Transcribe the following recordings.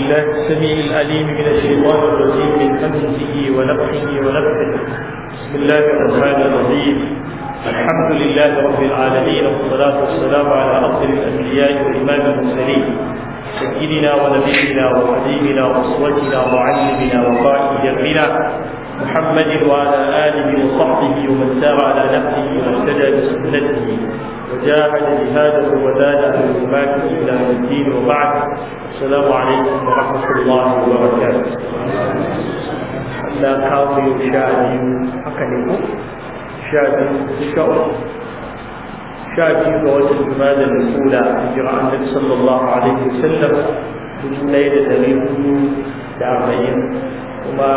بالله السميع العليم من الشيطان الرجيم من همزه ونفخه ونفخه بسم الله الرحمن الرحيم الحمد لله رب العالمين والصلاة والسلام على أفضل الأنبياء وإمام المرسلين سيدنا ونبينا وحبيبنا وأسوتنا وعلمنا وقائد أمرنا محمد وعلى آله وصحبه ومن سار على نفسه واهتدى بسنته وجاهد جهاده وزاد حرماته إلى الدين وبعد السلام عليكم ورحمة الله وبركاته لا كافي شادي حقني شادي شعر شادي فوجد الجمال الأولى هجرة النبي صلى الله عليه وسلم من ليلة اليوم دارين وما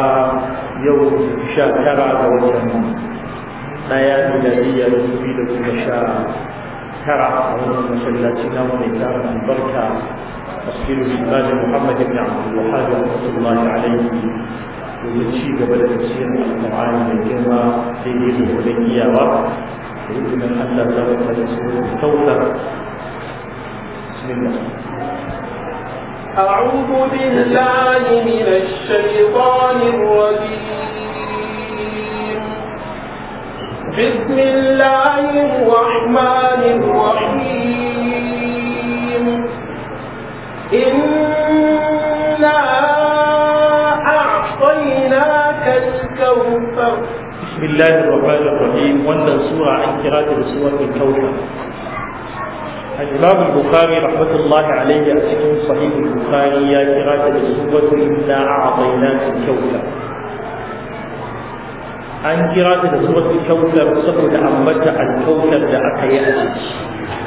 يوم شاكرا ما آيات ميلادية تفيد المشاعر ترى أولا مسلاتنا ومتارنا البركة تسجيل الإنباد محمد بن عبد الوهاب رحمه الله عليه ويتشي قبل تفسير القرآن الكريم في يد الغنية و يمكن أن لا تغلق تسجيل التوتر بسم الله أعوذ بالله من الشيطان الرجيم بسم الله الرحمن الرحيم إنا أعطيناك الكوثر بسم الله الرحمن الرحيم وأن سورة عن قراءة سورة الكوثر الإمام البخاري رحمة الله عليه أسكن صحيح البخاري يا قراءة سورة إنا أعطيناك الكوثر an kira ta da suratul kautsar saboda ambata al-kautsar da aka yi a ciki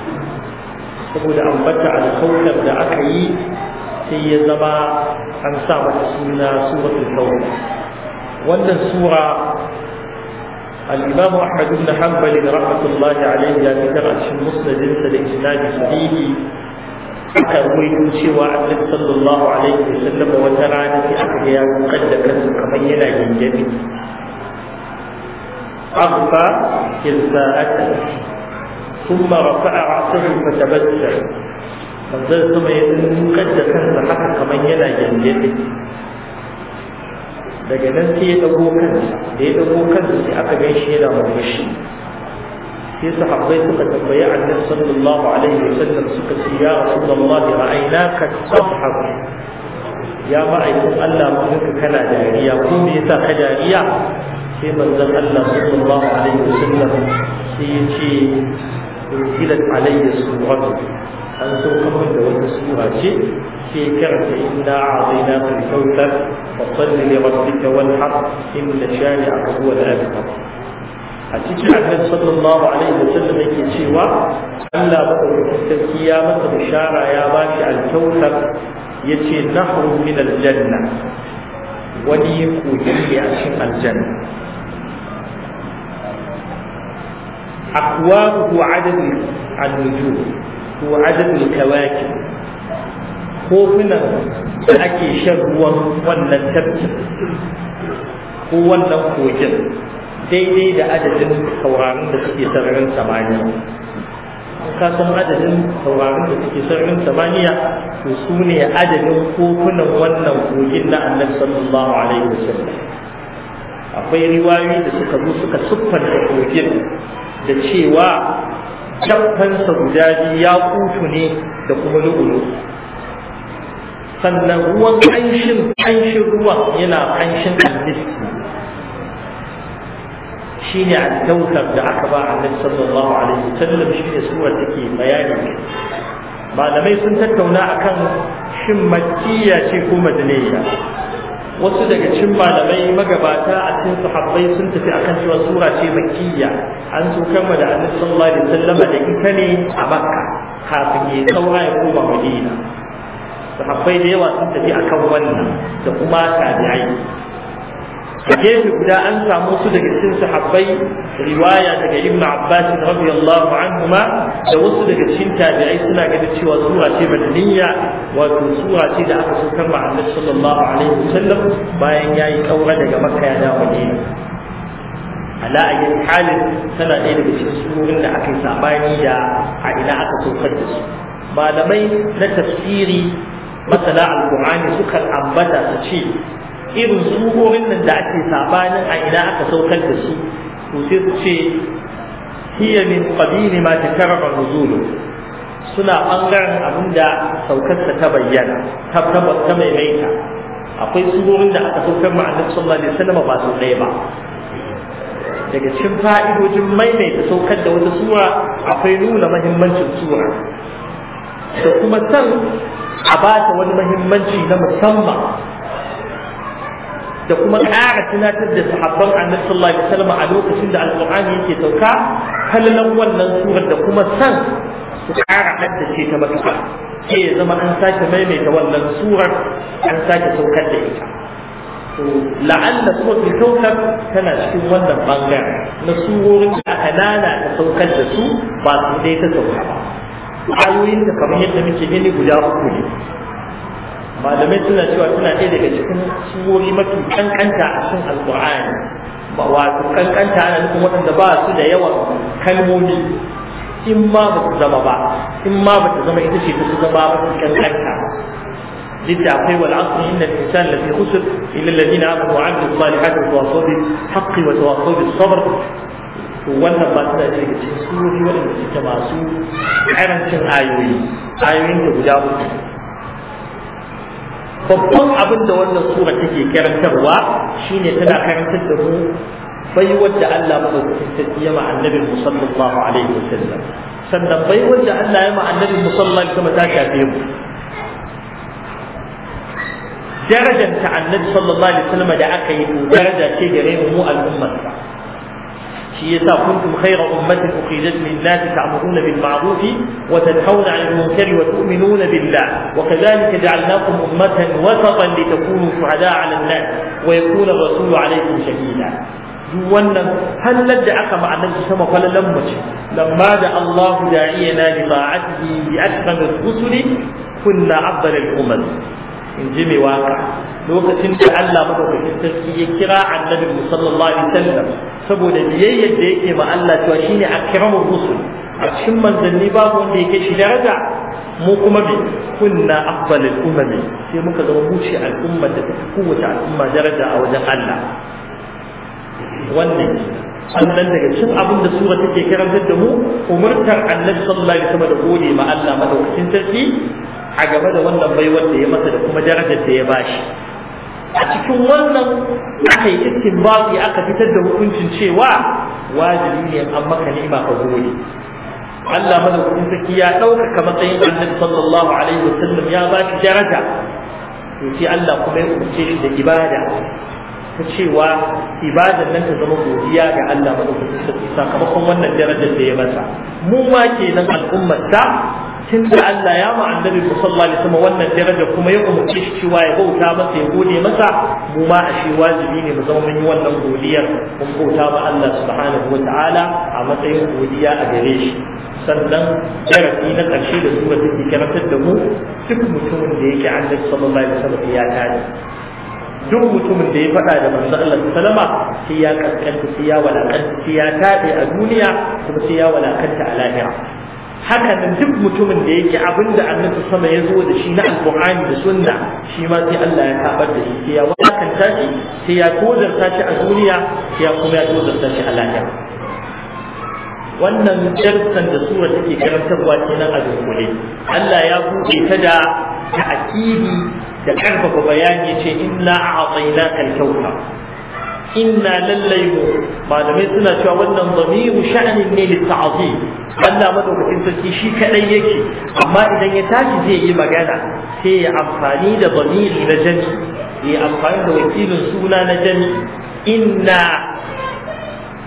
saboda ambata alkautar da aka yi sai ya zama an sa mata suna suratul kawai wannan sura al-imamu ahmad ibn hanbal alayhi ya fitar a cikin musnadinsa da isnadi sahihi aka ruwaito cewa annabi sallallahu alaihi wa sallam wata rana sai aka ga ya kaddara kansa kamar yana gingami أغفى إلى ساعته ثم رفع رأسه فتبسم manzon ثم ya tsinkar da kansa haka kamar daga nan sai ya dago kan da ya dago kan sai aka ga shi yana murmushi sai sahabbai suka tambayi annabi sallallahu alaihi wasallam suka ce ya rasulullahi ra'aynaka tadhhak ya ma'aikin Allah mun ga kana da dariya ko me yasa ka dariya sai manzon Allah sallallahu alaihi wasallam sai ya ce أنزلت علي سورة أن تقوم بوجه سورة في كرت إنا أعطيناك الكوثر فصل لربك والحق إن شانئك هو الأبتر a cikin annabi sallallahu alaihi wa sallam yake cewa Allah madaukakin sarki ya masa bishara ya ba shi alkautar yace nahru min aljanna wani kogi ne a cikin aljanna أقوامه عدد النجوم هو عدد الكواكب kofuna da ake shan ruwan wannan tafkin ko wannan kogin daidai da adadin taurarin da suke sararin samaniya ka san adadin taurarin da suke sararin samaniya to su ne adadin kofunan wannan kogin na annabi sallallahu alaihi wasallam akwai riwayoyi da suka zo suka siffanta kogin da cewa sa guda biyu ya kutu ne da kuma lu'ulu sannan ruwan kanshin kanshin ruwan yana kanshin almiski shi ne alkautar da aka ba annabi sallallahu alaihi wasallam shi ne suwar take bayani malamai sun tattauna akan shin makkiya ce ko madaniya wasu daga cin malamai magabata a cikin sahabbai sun tafi akan cewa sura ce makkiya an so kama da annabi sallallahu alaihi wasallam da ita ne a makka kafin ya saura ya koma madina sahabbai da yawa sun tafi akan wannan da kuma tabi'ai a gefe guda an samu su daga cikin sahabbai riwaya daga ibn abbas radiyallahu anhuma da wasu daga cikin tabi'ai suna ganin cewa sura ce madaniya wato sura ce da aka saukar ma annabi sallallahu alaihi wasallam bayan yayi kaura daga makka ya dawo ne ala ayyin halin tana ɗaya daga cikin surorin da aka yi sabani da a ina aka saukar da su malamai na tafsiri masana alqur'ani sukan ambata su ce irin surorin nan da ake sabanin a ina aka saukar da su to sai su ce hiya min qabili ma takarra nuzulu suna bangaren abin da saukarsa ta bayyana ta ta maimaita akwai surorin da aka saukar ma annabi sallallahu alaihi wasallam ba su ɗaya ba daga cikin fa'idojin maimaita saukar da wata sura akwai nuna mahimmancin sura da kuma san a ba ta wani mahimmanci na musamman da kuma ƙara tunatar da sahabban annabi sallallahu alaihi wasallam a lokacin da alqur'ani yake sauka kallon wannan surar da kuma san su ƙara haddace ta matuƙa sai ya zama an sake maimaita wannan surar an sake saukar da ita to la'alla suratul kautsar tana cikin wannan bangare na surorin da aka lalata saukar da su ba su dai ta sauka ba ayoyin da kamar yadda muke gani guda uku ne malamai suna cewa suna ɗaya daga cikin surori mafi kankanta a cikin alƙur'ani wato kankanta ana nufin waɗanda ba su da yawan kalmomi in ma ba su zama ba in ma ba su zama ita ce ta su zama ba su kankanta للتعقيب والعصر إن الإنسان الذي خسر إلا الذين آمنوا وعملوا الصالحات وتواصوا بالحق وتواصوا بالصبر wannan ba tana da daga cikin surori waɗanda suke masu ƙarancin ayoyi ayoyin da guda uku babban abin da wannan sura take karantarwa shine tana karantar da mu baiwar da Allah madaukakin sarki ya ma annabi sallallahu alaihi wasallam sannan baiwar da Allah ya ma annabi sallallahu alaihi wasallam ta shafe mu darajar ta annabi sallallahu alaihi wasallam da aka yi daraja ce gare mu mu al'ummar شيء كنتم خير أمة أخرجت للناس تعمرون بالمعروف وتنهون عن المنكر وتؤمنون بالله وكذلك جعلناكم أمة وسطا لتكونوا شهداء على الناس ويكون الرسول عليكم شهيدا wannan هل da aka ma'anar السماء falalan mace لما دعا الله داعينا لطاعته ta'atihi الرسل كنا أفضل الأمم إن al واقع lokacin da Allah madaukakin sarki ya kira annabi sallallahu alaihi wasallam saboda biyayyar da yake ma Allah cewa shine akramur rusul a cikin manzanni babu wanda yake shi daraja mu kuma bi kunna afdalul umami sai muka zama muci al'ummar da tafi kowace al'umma daraja a wajen Allah wannan sannan daga cikin abin da sura take karantar da mu umurtar annabi sallallahu alaihi wasallam da gode ma Allah madaukakin sarki a gaba da wannan baiwar da ya masa da kuma darajar da ya bashi a cikin wannan aka yi aka fitar da hukuncin cewa wajibi ne an maka ni'ima ka gode Allah madaukakin saki ya ɗaukaka matsayin annabi sallallahu alaihi wasallam ya ba daraja to sai Allah kuma ya umarce shi da ibada ta cewa nan ta zama godiya ga Allah madaukakin saki sakamakon wannan darajar da ya masa mu ma kenan al'ummar ta tun da Allah ya ma annabi sallallahu alaihi wasallam wannan daraja kuma ya umarci shi cewa ya bauta masa ya gode masa mu ma a shi wajibi ne mu zama mun yi wannan godiyar mun bauta ma Allah subhanahu wataala a matsayin godiya a gare shi sannan darasi na ƙarshe da sura take karantar da mu duk mutumin da yake annabi sallallahu alaihi wasallam ya tare duk mutumin da ya faɗa da manzo Allah sallama sai ya kaskanta sai ya walakanta sai ya tabe a duniya kuma sai ya walakanta a lahira haka duk mutumin da yake abinda annabi sama ya zo da shi na alqur'ani da sunna shi ma sai Allah ya tabar da shi sai ya wadakanta shi sai ya tozarta shi a duniya sai ya kuma ya tozarta shi a lahira wannan darsan da sura take karantarwa kenan a dunkule Allah ya buɗe ta da ta'kidi da karfafa bayani ce inna a'tainaka al-kawthar inna lallai mu, malamai suna cewa wannan zamiru sha'anin ne litta'azim Allah madaukakin sarki shi kadai yake amma idan ya tashi zai yi magana sai ya amfani da zamiri na jami ya amfani da wakilin suna na jami inna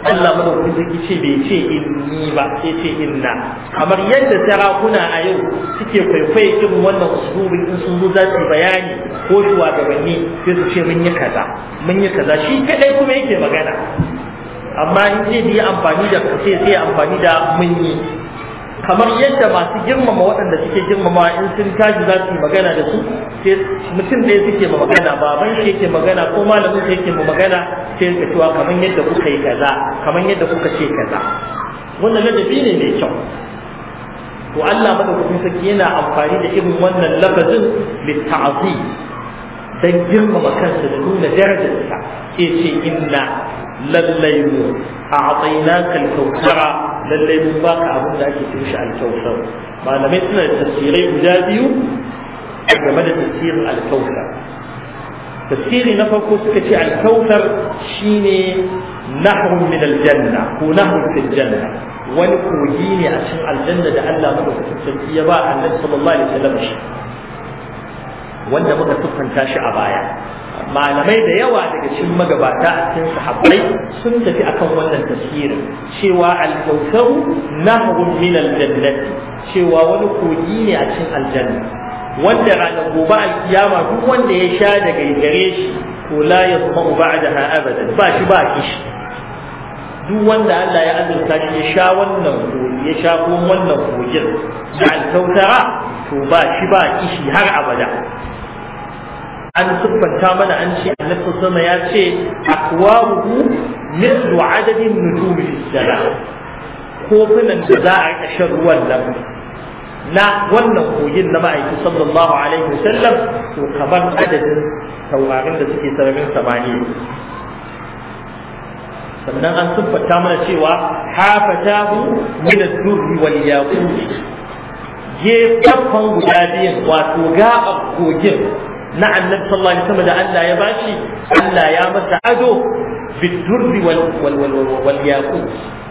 Allah madaukakin sarki ce bai ce inni ba sai ce inna kamar yadda sarakuna a yau suke kwaikwaye irin wannan usulubin in sun zo za su bayani ko shuwagabanni, sai su ce mun yi kaza mun yi kaza shi kadai kuma yake magana amma in ce bi amfani da sai sai amfani da mun yi kamar yadda masu girmama waɗanda suke girmama in sun tashi za su yi magana da su sai mutum ɗaya suke ma magana baban shi yake magana ko malamin shi yake ma magana sai ka cewa kamar yadda kuka yi kaza kamar yadda kuka ce kaza wannan ladabi ne mai kyau to Allah madaukakin sarki yana amfani da irin wannan lafazin litta'zi dan girmama kansa da nuna darajarsa sai ce inna lallai mu a'tainaka al-kawthara lallai mun baka abin da ake cin shi malamai suna da tafsirai guda biyu game da tafsirin alkautar tafsiri na farko suka ce alkausar shine nahun min aljanna ko nahun fil janna wani kogi ne a cikin aljanna da Allah madaukakin ya ba annabi sallallahu alaihi wasallam shi wanda muka tuffanta shi a baya malamai da yawa daga cikin magabata a cikin sahabbai sun tafi akan wannan tafsirin cewa al-kawtharu nahwun min al cewa wani kogi ne a cikin aljanna wanda ranar gobe alkiyama duk wanda ya sha daga gare shi to la yasma'u ba'daha abadan ba shi ba kishi duk wanda Allah ya azurta shi ya sha wannan kogi ya sha kuma wannan kogin da al-kawthara to ba shi ba kishi har abada an siffanta mana an ce annabi sama ya ce akwaruhu mislu adadin nujumi sama kofunan da za a rika shan ruwan nan na wannan kogin na ma'aiki sallallahu alaihi wasallam to kamar adadin taurarin da suke sararin samani sannan an siffanta mana cewa hafatahu min ad-durri wal yaqut gefan guda biyan wato gaɓar kogin na annabi sallallahu alaihi wasallam da Allah ya bashi Allah ya masa ado bidurri wal wal wal wal yaqut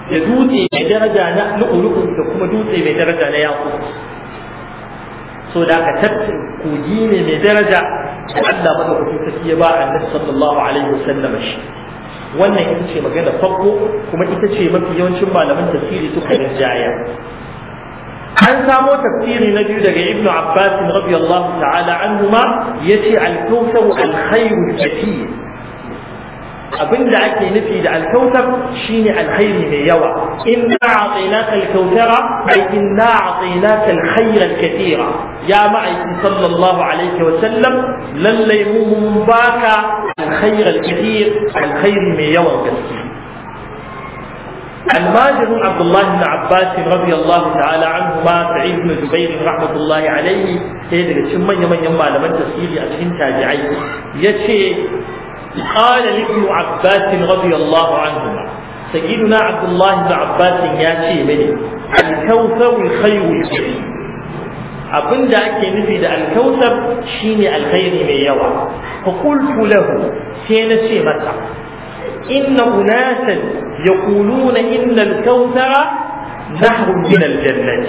da dutse mai daraja na lu'lu'u da kuma dutse mai daraja na yaqut so da ka tattin kogi ne mai daraja da Allah madaukakin saki ya ba annabi sallallahu alaihi wasallam shi wannan ita ce magana farko kuma ita ce mafi yawancin malaman tafsiri suka rinjaya an samo tafsiri na biyu daga ibnu abbas radiyallahu ta'ala anhuma yace al-kawthar al-khayr kathir abinda ake nufi da al-kawthar shine alkhairi mai yawa inna a'tainaka al-kawthara ay inna a'tainaka al-khayra al-kathira ya ma'aiki sallallahu alaihi wa sallam lallai mu mun baka al-khayra al-kathir al-khair mai yawa gaskiya الماجر عبد الله بن عباس رضي الله تعالى عنهما سعيد بن جبير رحمة الله عليه سيدنا شمن يمن يمع لمن تسيري أشهن تابعي يشي قال لابن عباس رضي الله عنهما سيدنا عبد الله بن عباس ياتي مني الكوثر الخير الكريم abin da ake nufi da alkautar shine alkhairi mai yawa fa qultu lahu sai na ce masa إن أناسا يقولون إن الكوثر نهر من الجنة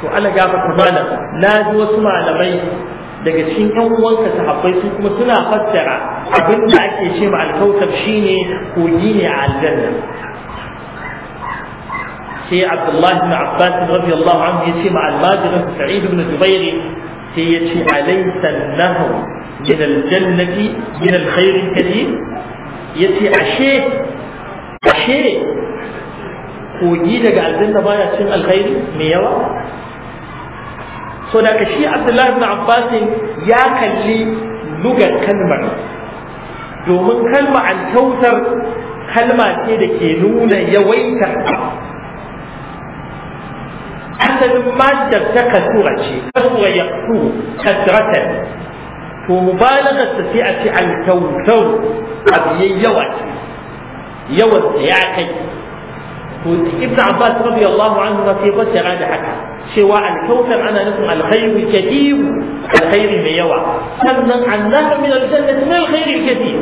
to ala gafa kamala na ji wasu malamai daga cikin yan uwanka sahabbai su kuma suna fassara abin da ake ce ma alkautar shine kogi ne a aljanna sai abdullahi ibn abbas radiyallahu anhu ya ce ma almajirin sa'id ibn jubair sai ya ce alaysa an-nahr min al-jannati min al-khair kathir ya ce ashe ashe kogi daga aljanna baya cin alkhairi mai yawa so da shi abdullahi ibn abbas ya kalli lugar kalmar domin kalma alkautar kalma ce da ke nuna yawaitar asalin maddar ta kasura ce kasura ya kasratan to mubalagar ta sai a ce alkautar abu yayi yawa yawan sa ya kai to ibnu abbas radiyallahu anhu ma sai fassara da haka cewa alkautar ana nufin alkhairu kathir alkhairi mai yawa sannan annabi min aljannati min alkhairi kathir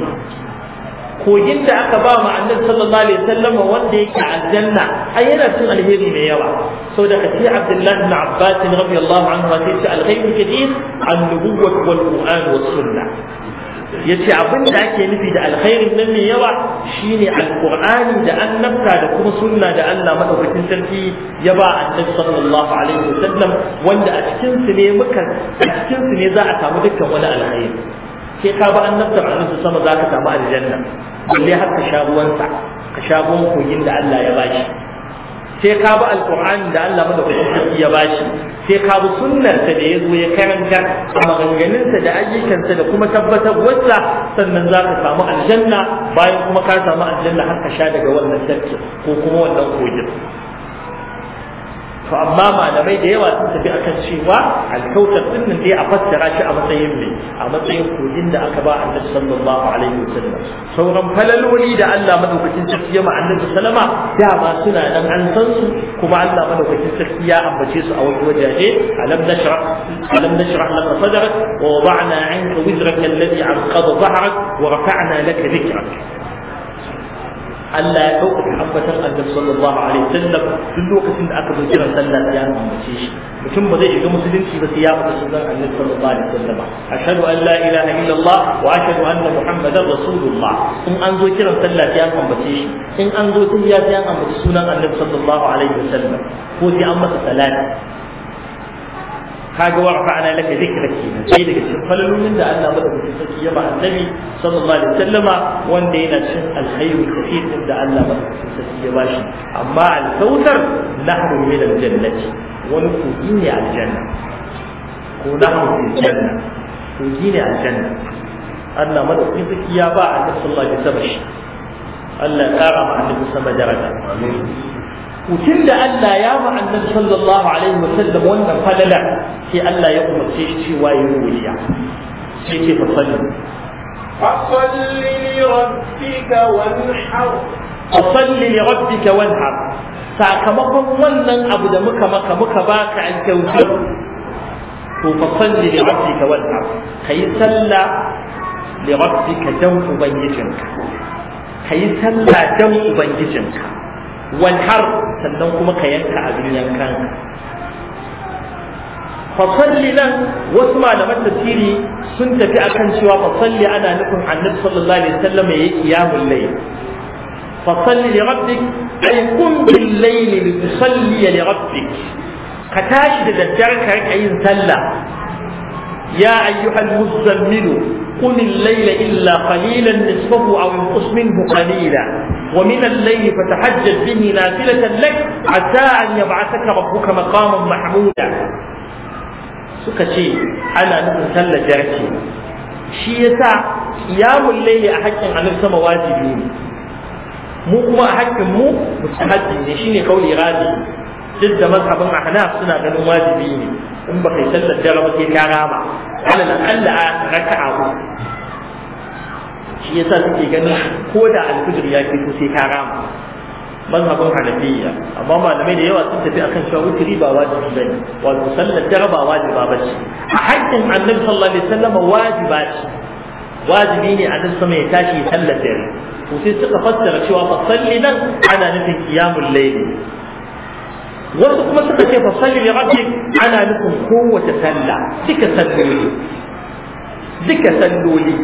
kogin da aka ba mu annabi sallallahu alaihi wasallam wanda yake aljanna ai yana cin alheri mai yawa so da kace Abdullah ibn Abbas radiyallahu anhu ya ce alghayb kadir an nubuwwat wal qur'an was sunnah yace abin da ake nufi da alkhairin nan mai yawa shine alqur'ani da annabta da kuma sunna da Allah madaukakin sarki ya ba annabi sallallahu alaihi wasallam wanda a cikin su ne muka a cikin su ne za a samu dukkan wani alkhairi sai ka ba a annabi sama za ka samu aljanna balle har ka sha ruwansa ka sha ruwan kogin da Allah ya bashi sai ka bi alqur'ani da Allah madaukakin ya bashi sai ka bi sunnar ta da ya karanta a maganganun da ayyukansa da kuma tabbatar wacce sannan za ka samu aljanna bayan kuma ka samu aljanna har ka sha daga wannan tafkin ko kuma wannan kogin to amma malamai da yawa sun tafi akan cewa alkautar din nan dai a fassara shi a matsayin mai a matsayin kogin da aka ba annabi sallallahu alaihi wasallam sauran falaloli da Allah madaukakin sarki ya ma annabi sallama dama suna nan an san su kuma Allah madaukakin sarki ya ambace su a wasu wajaje alam nashrah alam nashrah laka sadrak wa wada'na 'anka wizraka alladhi 'anqadha dhahrak wa rafa'na laka dhikrak Allah ya ɗaukaka ambatan annabi sallallahu alaihi wasallam duk lokacin da aka zo kiran sallah ya an ambace shi mutum ba zai shiga musulunci ba sai ya faɗa sunan annabi sallallahu alaihi wasallam ashhadu an la ilaha illallah wa ashhadu anna muhammadar rasulullah in an zo kiran sallah ya an ambace shi in an zo tafiya sai an ambaci sunan annabi sallallahu alaihi wasallam ko sai an masa salati kaga wa rafa'ana laka dhikraka sai daga cikin falalolin da Allah madaukakin sarki ya ba annabi sallallahu alaihi wasallama wanda yana cin alkhairu kathir din da Allah madaukakin sarki ya bashi amma al-kautsar nahru min al wani kogi ne aljanna ko nahru min al-janna kogi ne aljanna Allah madaukakin sarki ya ba annabi sallallahu alaihi wasallam Allah ya kara ma annabi sama daraja amin mutum da Allah ya ma annabi sallallahu alaihi wasallam wannan falala sai Allah ya umarce shi cewa ya yi wuya sai ce fa sallu فصل لربك وانحر فصل لربك وانحر sakamakon wannan abu da muka maka muka baka an kyautar to fa salli li rabbika wanta kayi salla li rabbika dan ubangijinka kayi salla dan ubangijinka والحر sannan kuma ka yanka abin yankan fasalli nan wasu malaman tafsiri sun tafi akan cewa fasalli ana nufin annabi sallallahu alaihi wasallam yayi qiyamul layl fasalli li rabbik ay qum bil layl li tusalli li rabbik ka tashi da daddare ka rika yin sallah ya ayyuhal muzammilu قم الليل إلا قليلا نصفه أو انقص منه قليلا ومن الليل فتحجد به نافلة لك عسى أن يبعثك ربك مقاما محمودا سكتي أنا نقول سلة جرتي shi yasa qiyamul layli a haƙƙin annabi sama wajibi mu kuma a haƙƙin mu mustahabbi ne shine kauli razi duk da mazhabin ahnaf suna ganin wajibi ne in ba kai sallar dare ba sai ka rama alal a raka'a shi yasa suke ganin ko da alfijir ya fito sai ka rama mazhabin hanafiya amma malamai da yawa sun tafi akan cewa wutiri ba wajibi ba ne wato sallar dare ba wajiba bace a haƙƙin annabi sallallahu alaihi wasallam wajiba ce wajibi ne a nan sama ya tashi sallar dare to sai suka fassara cewa fa salli nan ana nufin qiyamul layli wasu kuma suka ce fa salli li rabbik ana nufin kowace sallah duka salloli duka salloli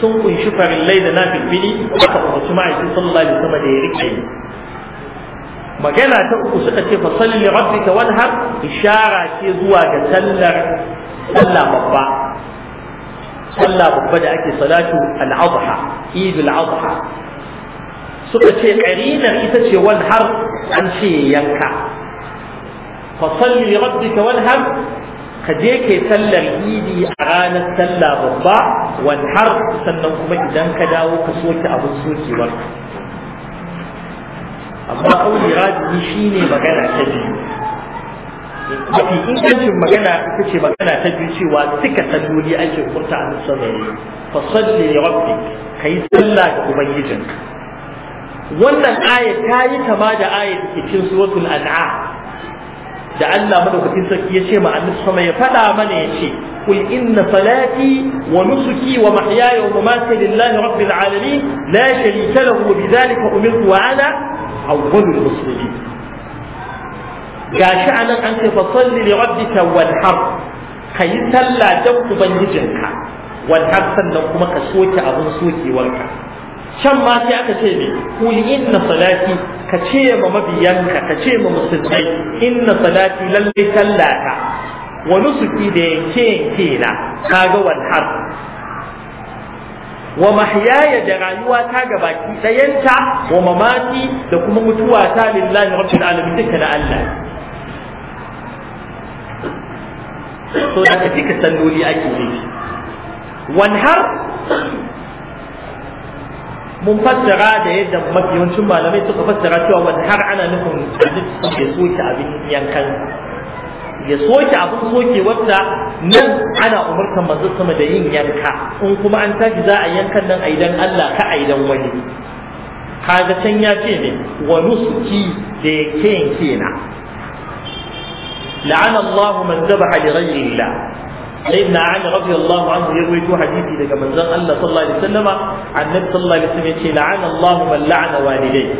sun kunshi farillai da nafilfili aka umarci ma'aikin sallallahu alaihi wasallam da ya rike magana ta uku suka ce fa salli li rabbika wanhar ishara ce zuwa ga sallar sallah babba sallah babba da ake salatu al-adha idul adha suka ce karinar ita ce wanhar an ce yanka fa salli li rabbika wanhar ka je kai sallar idi a ranar sallah babba wani har sannan kuma idan ka dawo ka soke abin sokewar amma kauli rajihi shine magana ta biyu mafi ingancin magana ita ce magana ta biyu cewa duka salloli ake hukunta a nan sama ne fa salli li rabbik kai sallah ga ubangijinka wannan aya ta yi kama da ayat cikin suratul an'am da Allah madaukakin saki ya ce ma annabi sama ya faɗa mana ya ce kul inna salati wa nusuki wa mahyaya wa mamati lillahi rabbil alamin la sharika lahu bi dhalika umirtu wa ana awwalul muslimin gashi anan an ce fa salli li rabbika wanhar kayi sallah dan ka, wanhar sannan kuma ka soke abun sokewarka can ma sai aka ce ne kul inna salati ka ce ma mabiyanka ka ce ma musulmai inna salati lallai sallata wa nusuki da yanke yanke na kaga wal har wa mahyaya da rayuwa ta gabaki dayanta wa mamati da kuma mutuwa ta lillahi rabbil alamin duka da Allah so da kika sannoli ake yi wanhar mun fassara da yadda mafi yawancin malamai suka fassara cewa wani har ana nufin annabi ya soke abin yankan ya soke abin soke wadda nan ana umartar manzo sama da yin yanka in kuma an tashi za a yankan nan a idan Allah ka a idan wani kaga can ya ce ne wa nusuki da yake yanke na la'ana Allah man zabaha li ghayri Allah سيدنا علي رضي الله عنه يروي حديثي لك من قال الله صلى الله عليه وسلم عن النبي صلى الله عليه وسلم يقول لعن الله من لعن والديه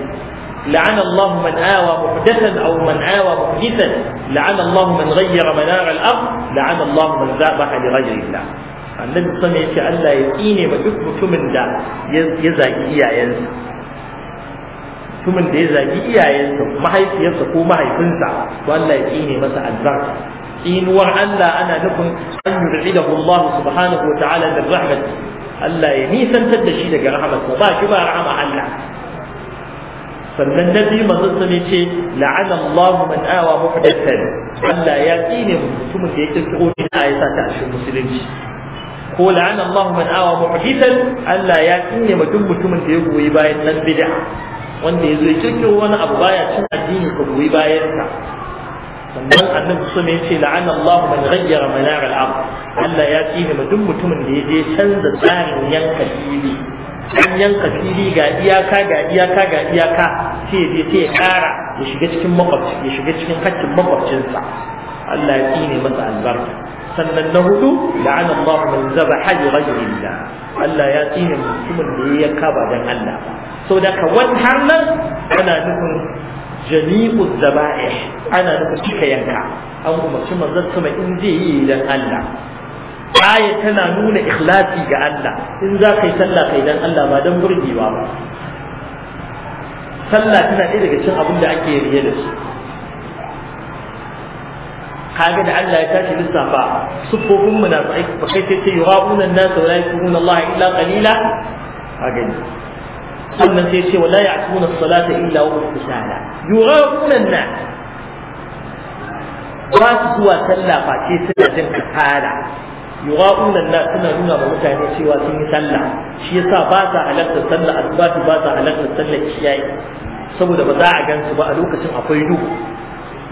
لعن الله من آوى محدثا أو من آوى محدثا لعن الله من غير منار الأرض لعن الله من ذبح لغير الله النبي صلى الله عليه وسلم يقول لا من دا يزاقي إياه ينسى تمن دا يزاقي إياه ينسى ما هي يسقو ما هي تنسى والله يقيني مثلا In tsinuwar Allah ana nufin an yur'idahu Allah subhanahu wa ta'ala da rahmat Allah ya nisantar da shi daga rahmat ba shi ba rahama Allah sannan na biyu manzon ce la'ana Allah man awa muhdathan Allah ya tsine mutumin da ya kirkiro bid'a ya sa ta a musulunci ko la'ana Allah man awa muhdathan Allah ya tsine mutum mutumin da ya goyi bayan nan bid'a wanda ya zo ya kirkiro wani abu baya cin addini ko goyi bayan sa sannan annabi sun ya ce la'ana Allah man ghayyara manar al-ard Allah ya tsine ma duk mutumin da ya je canza tsarin yanka fili an yanka fili ga iyaka ga iyaka ga iyaka sai je sai ya kara ya shiga cikin makwabci ya shiga cikin hakkin makwabcinsa Allah ya tsine masa albarka sannan na hudu la'ana Allah man zabaha li ghayri Allah Allah ya tsine mutumin da ya kaba dan Allah ba saboda ka wani har nan ana nufin jami'u zaba'ih ana nufa cika yanka an umarci zan sama in zai yi idan Allah aya tana nuna ikhlasi ga Allah in za ka yi sallah kai dan Allah ba dan burgewa ba sallah tana ɗaya daga cikin abin da ake riye da su kaga da Allah ya tashi lissafa sufofin munafiqai fa kai sai yura'una an-nas wa la yakununa Allah illa qalila kaga sannan sai ce wala ya'tuna as-salata illa wa hum kusala yuraquna an-nas ba su zuwa sallah ba ce suna jin kasala yuraquna an-nas suna nuna ma mutane cewa sun yi sallah shi yasa ba sa halartar sallah asbatu ba sa halartar sallah kiyayi saboda ba za a gansu ba a lokacin akwai duhu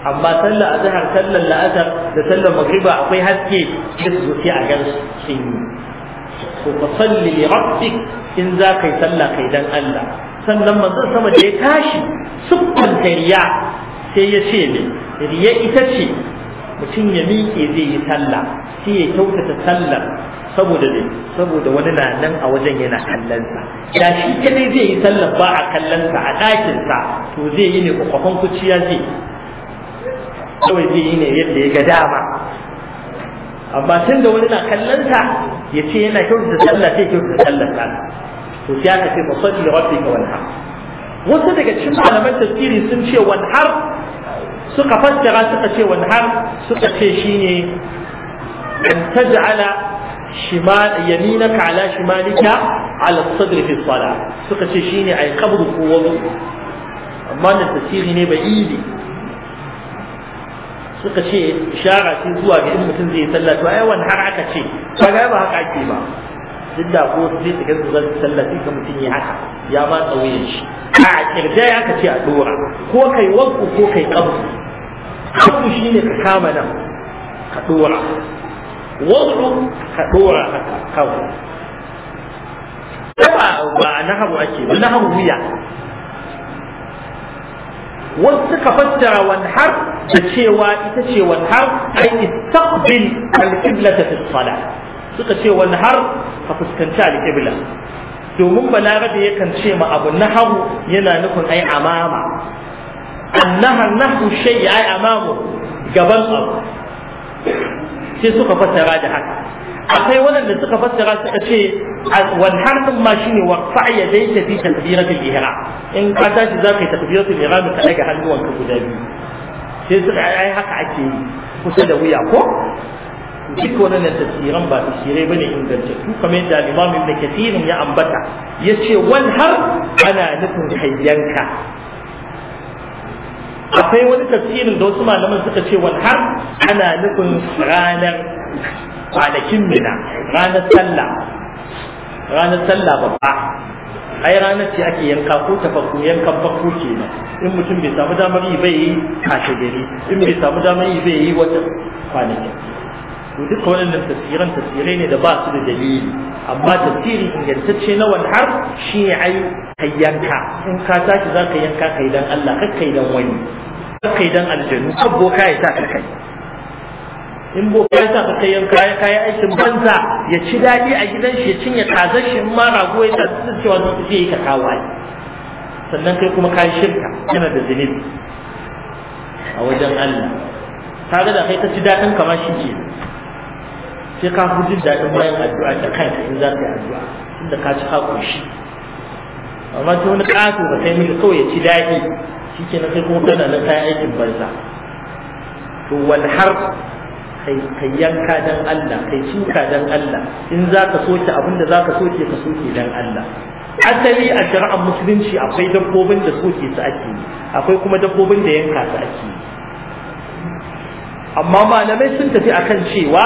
amma sallah azhar sallar la'asar da sallar magriba akwai haske sai su zo sai a gansu sun yi to salli li rabbik in za kai sallah kai dan Allah sannan manzo sama da ya tashi sukkan riya sai ya ce ne riya ita ce mutum ya miƙe zai yi sallah sai ya kyautata sallar saboda ne saboda wani na nan a wajen yana kallonsa da shi kadai zai yi sallar ba a kallonsa a ɗakinsa to zai yi ne kwakwakwan kuciya zai kawai zai yi ne yadda ya ga dama amma tun da wani na kallonta ya ce yana kyautata sallah sai kyautata sallah ta to sai aka ce fasalli rabbika wanhar wasu daga cikin malaman tafsiri sun ce wanhar suka fassara suka ce wanhar suka ce shine an taj'ala shimal yaminaka ala shimalika ala sadri fi salah suka ce shine ay qabru ko wadu amma da tafsiri ne ba yi ba'idi suka ce ishara sai zuwa ga in mutum zai sallah to ai wannan har aka ce ba ga ba haka ake ba duk da ko sai ta gaza zan sallah sai ka mutum ya haka ya ba tsauye shi a kirje ya ka ce a dora ko kai wanku ko kai kabu kabu shine ka kama nan ka dora wanku ka dora haka kawai ba ba nahabu ake ba nahabu wuya wasu suka fassara wanhar da cewa ita ce wanhar ai istaqbil al-qiblata fi salah suka ce wanhar ka fuskanci al-qibla domin balarabe yakan ce ma abu nahawu yana nufin ai amama annahar nahu shay ai amamu gaban abu sai suka fassara da haka akwai waɗanda suka fassara suka ce wal harfin ma shine wa fa'a dai ta fi takbiratul ihram in ka tashi zaka yi takbiratul ihram ka daga hannuwanka guda biyu sai suka ai haka ake yi kusa da wuya ko duk wannan tafsiran ba tafsirai bane ingantattu kamar yadda al-Imam Ibn Kathir ya ambata yace wal har ana nufin hayyanka akwai wani tafsirin da wasu malaman suka ce wal har ana nufin ranar kwanakin mina ranar sallah ranar sallah babba ai ranar ce ake yanka ko ta farko yankan farko kenan in mutum bai samu damar yi bai yi kashe gari in bai samu damar yi bai yi wata kwanakin to duka waɗannan tafsiran tafsirai ne da ba su da dalili amma tafsiri ingantacce na wani har shi ne ai kai yanka in ka tashi za ka yanka kai dan Allah kar kai dan wani kai dan aljanu abokai ta ya kai in bo ya sa ka kai yanka ya aikin banza ya ci daɗi a gidan shi ya cinye kazar shi in ma rago ya tsatsi cewa zai yi ka kawai sannan kai kuma kai shirka yana da zunubi a wajen Allah ga da kai ta ci dadin kama shi ke sai ka fi jin dadin bayan addu'a da kanka in za ka yi addu'a tunda ka ci ka kushi amma ta wani ƙato ba kai miki kawai ya ci daɗi shi ke na kai kuma kana na kai aikin banza to wani har kai yanka dan Allah kai shuka dan Allah in za ka soke abinda za ka soke ka soke dan Allah asali a shari'ar musulunci akwai dabbobin da soke su ake yi akwai kuma dabbobin da yanka su ake yi amma malamai sun tafi akan cewa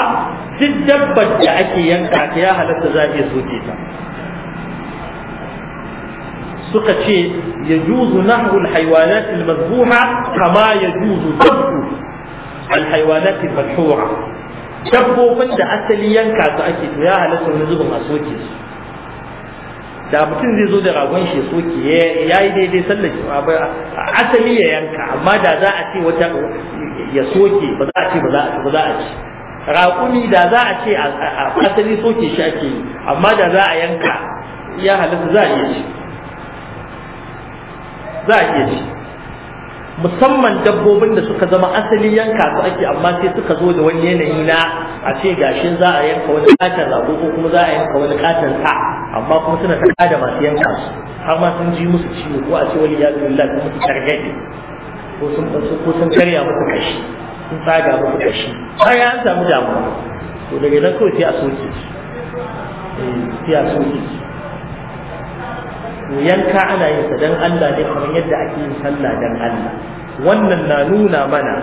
duk dabbar da ake yanka ta ya halatta za a iya soke ta suka ce yajuzu nahru alhayawanat almadbuha kama juzu dabbu alhaiwanat al-madhura dabbobin da asali yanka su ake to ya halatta wani zubin a soke su da mutum zai zo da ragon shi soke ya yi daidai sallar asali ya yanka amma da za a ce wata ya soke ba za a ce ba za a ce raƙumi da za a ce a asali soke shi ake yi amma da za a yanka ya halatta za a iya ci za a iya musamman dabbobin da suka zama asali yanka su ake amma sai suka zo da wani yanayi na a ce gashin za a yanka wani katon rago ko kuma za a yanka wani katon ta amma kuma suna ta kada masu yanka su har ma sun ji musu ciwo ko a ce wani ya zo lillahi musu targaɗe ko sun ko sun karya musu kashi sun tsaga musu kashi har ya an samu damuwa to daga nan kawai sai a soke eh, sai a soke to yanka ana yin sa dan Allah ne kamar yadda ake yin sallah dan Allah wannan na nuna mana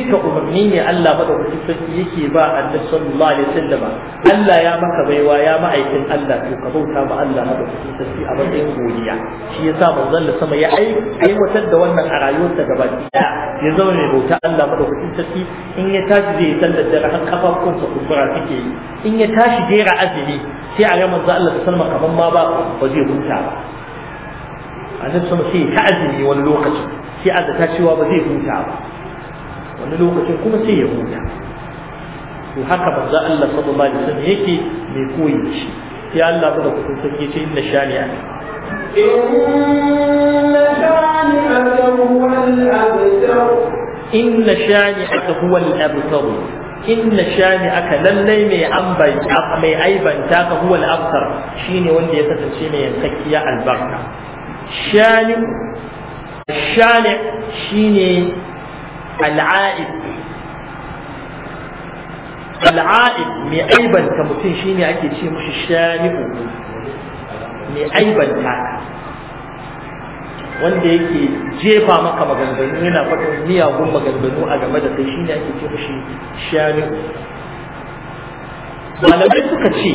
duka umarni ne Allah madaukakin sarki yake ba annabi sallallahu alaihi wasallama Allah ya maka baiwa ya ma'aikin Allah to ka bauta ma Allah madaukakin sarki a matsayin godiya shi yasa manzon da sama ya aiwatar da wannan a rayuwarsa gaba daya ya zama mai bauta Allah madaukakin sarki in ya tashi zai sallar da har kafafunsa kumbura suke yi in ya tashi jera azumi sai a ga manzon Allah sallallahu alaihi kaman ma ba ba zai huta ba annabi sallallahu alaihi wasallam sai ta azumi wani lokaci sai a zata cewa ba zai huta ba wani lokacin kuma sai ya huta to haka ba manzo Allah sallallahu alaihi wasallam yake mai koyi shi sai Allah bada kuɗin sarki ce inna shani a inna shani a huwa al-abtar inna shani a huwa al-abtar inna aka lallai mai mai aibanta ka huwa al shine wanda ya kasance mai yankakkiya albarka shani shani shine al'aib al'aib mai aibanta mutum shine ake ce mushi shari'u mai aibanta wanda yake jefa maka maganganu yana faɗin miyagun maganganu a game da kai shine ake ce mushi shari'u malamai suka ce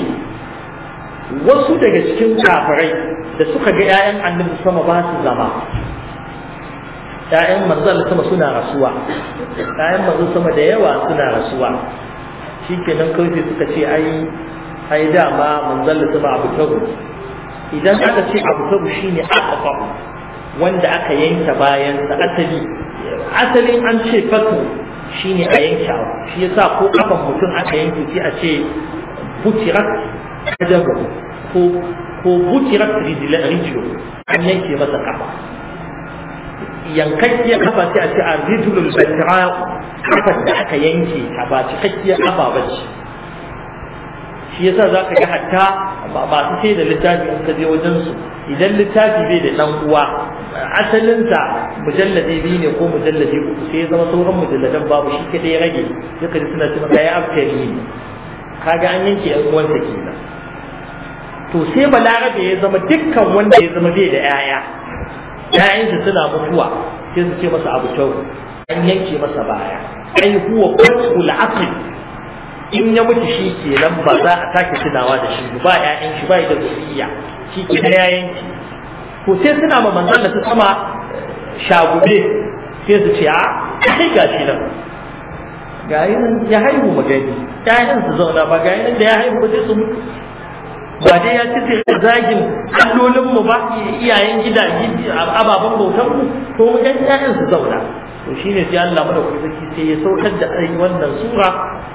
wasu daga cikin kafirai da suka ga 'ya'yan annabi sama ba su zama ƴaƴan manzon sama suna rasuwa ƴaƴan manzon sama da yawa suna rasuwa nan kawai suka ce ai ai dama manzon sama abu tabu idan aka ce abu tabu shine aqfa wanda aka yanke bayan sa asali asalin an ce fatu shine a yanke abu shi yasa ko kafan mutum aka yanke shi a ce butirat kajabu ko ko butirat rijlu an yanke masa kafa yankakkiyar kafa sai a ce a rijulun battara kafar da aka yanke a ba cikakkiyar kafa ba ce shi yasa za ka ga hatta masu sai da littafi in ka je wajen su idan littafi bai da dan uwa asalinsa mujallade biyu ne ko mujallade uku sai ya zama sauran mujalladan babu shi kadai rage duka suna ce maka ya abtari ne kaga an yanke yan uwansa kenan to sai balarabe ya zama dukkan wanda ya zama bai da 'ya'ya ƴaƴansa suna mutuwa sai su ce masa abu kyau an yanke masa baya ai huwa qatul aql in ya mutu shi nan ba za a sake tunawa da shi ba ƴaƴan shi ba da zuriya shi ke da yayin Ko sai suna ma manzan da su sama shagube sai su ce a kai ga shi nan ga nan ya haihu magani ƴaƴan su zauna ba ga nan da ya haihu ba sai su mutu ba dai ya ci zagin mu ba iyayen gidaje ababen bautanmu ko yan ƴaƴan su zauna to shine sai Allah madaukaki sarki sai ya saukar da ai wannan sura